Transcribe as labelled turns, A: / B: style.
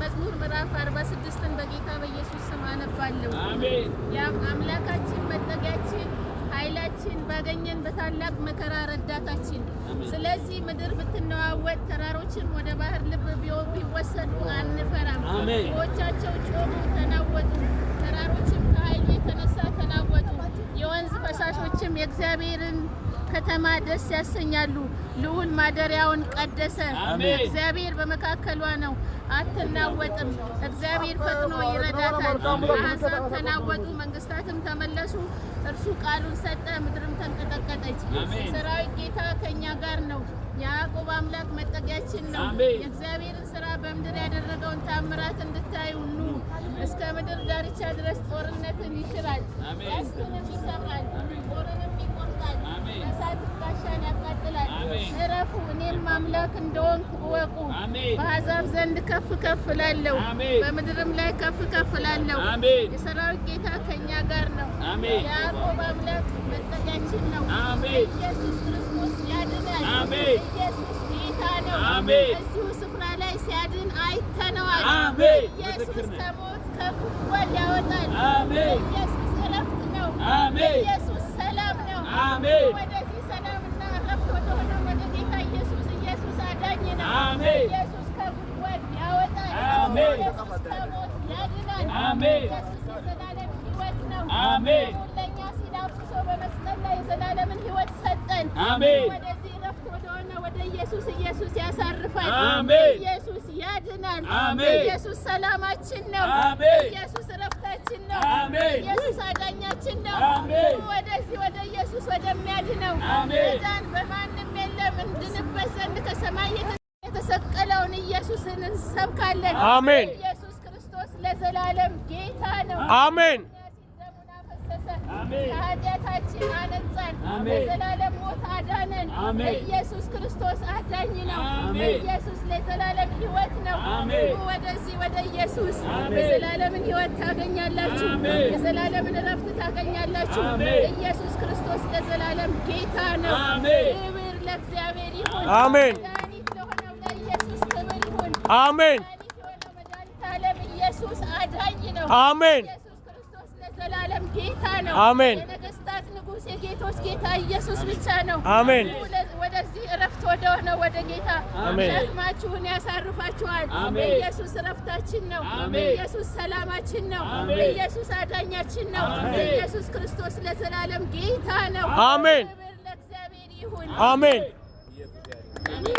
A: መዝሙር ምዕራፍ 46ን በጌታ በኢየሱስ ስም አነባለሁ። አምላካችን መጠጊያችን፣ ኃይላችን፣ ባገኘን በታላቅ መከራ ረዳታችን። ስለዚህ ምድር ብትነዋወጥ፣ ተራሮችም ወደ ባህር ልብ ቢወሰዱ አንፈራም። ሰዎቻቸው ጮኹ፣ ተናወጡ፣ ተራሮችም ከኃይል የተነሳ ተናወጡ። የወንዝ ፈሳሾችም የእግዚአብሔርን ከተማ ደስ ያሰኛሉ። ልዑል ማደሪያውን ቀደሰ። እግዚአብሔር በመካከሏ ነው፣ አትናወጥም። እግዚአብሔር ፈጥኖ ይረዳታል። አሕዛብ ተናወጡ፣ መንግስታትም ተመለሱ። እርሱ ቃሉን ሰጠ፣ ምድርም ተንቀጠቀጠች። የሰራዊት ጌታ ከእኛ ጋር ነው የያዕቆብ አምላክ መጠጊያችን ነው። የእግዚአብሔርን ስራ በምድር ያደረገውን ታምራት እንድታዩ ኑ። እስከ ምድር ዳርቻ ድረስ ጦርነትን ይሽራል፣ ቀስትንም ይሰብራል፣ ጦርንም ይቆርጣል፣ እሳትን ጋሻን ያቃጥላል። እረፉ፣ እኔም አምላክ እንደሆንኩ እወቁ። በአሕዛብ ዘንድ ከፍ ከፍ እላለሁ፣ በምድርም ላይ ከፍ ከፍ እላለሁ። የሰራዊት ጌታ ከእኛ ጋር ነው። የያዕቆብ አምላክ መጠጊያችን ነው። ኢየሱስ ክርስቶስ አሜን። ኢየሱስ ጌታ ነው። እዚሁ ስፍራ ላይ ሲያድን አይተነዋል። ኢየሱስ ከሞት ከጉድጓድ ያወጣል። ኢየሱስ እረፍት ነው። ኢየሱስ ሰላም
B: ነው።
A: ወደዚህ ሰላምና እረፍት ወደሆነ ወደ ጌታ ኢየሱስ ኢየሱስ አዳኝ ነው። ኢየሱስ ከጉድጓድ ያወጣል። ኢየሱስ ከሞት ያድናል። ኢየሱስ የዘላለም ሕይወት ነው። ለእኛ ሲል አፍስሶ በመስቀል ላይ የዘላለምን ሕይወት ሰጠን። ኢየሱስ ያሳርፋል። ኢየሱስ ያድናል። ኢየሱስ ሰላማችን ነው። ኢየሱስ ረፍታችን ነው። ኢየሱስ አዳኛችን ነው። ወደዚህ ወደ ኢየሱስ ወደሚያድነው ዳን በማንም የለም እንድንበት ዘንድ ከሰማይ የተሰቀለውን ኢየሱስን እንሰብካለን። ኢየሱስ ክርስቶስ ለዘላለም ጌታ ነው። አሜን። ከኃጢአታችን አነጻን፣
B: ለዘላለም
A: ሞት አዳነን። ኢየሱስ ክርስቶስ አዳኝ ነው። ኢየሱስ ለዘላለም ሕይወት ነው። ወደዚህ ወደ ኢየሱስ የዘላለምን ሕይወት ታገኛላችሁ፣ የዘላለምን ታገኛላችሁ። ኢየሱስ ክርስቶስ ለዘላለም ጌታ ነው። ክብር ለእግዚአብሔር ይሁን።
B: አሜን። አሜን።
A: ኢየሱስ አዳኝ ነው። አሜን። የዘላለም ጌታ ነው። አሜን። የነገስታት ንጉሥ የጌቶች ጌታ ኢየሱስ ብቻ ነው። አሜን። ወደዚህ እረፍት ወደሆነ ወደ ጌታ ሸክማችሁን ያሳርፋችኋል። ኢየሱስ እረፍታችን ነው። ኢየሱስ ሰላማችን ነው። ኢየሱስ አዳኛችን ነው። ኢየሱስ ክርስቶስ ለዘላለም ጌታ ነው። አሜን። ለእግዚአብሔር ይሁን።
B: አሜን።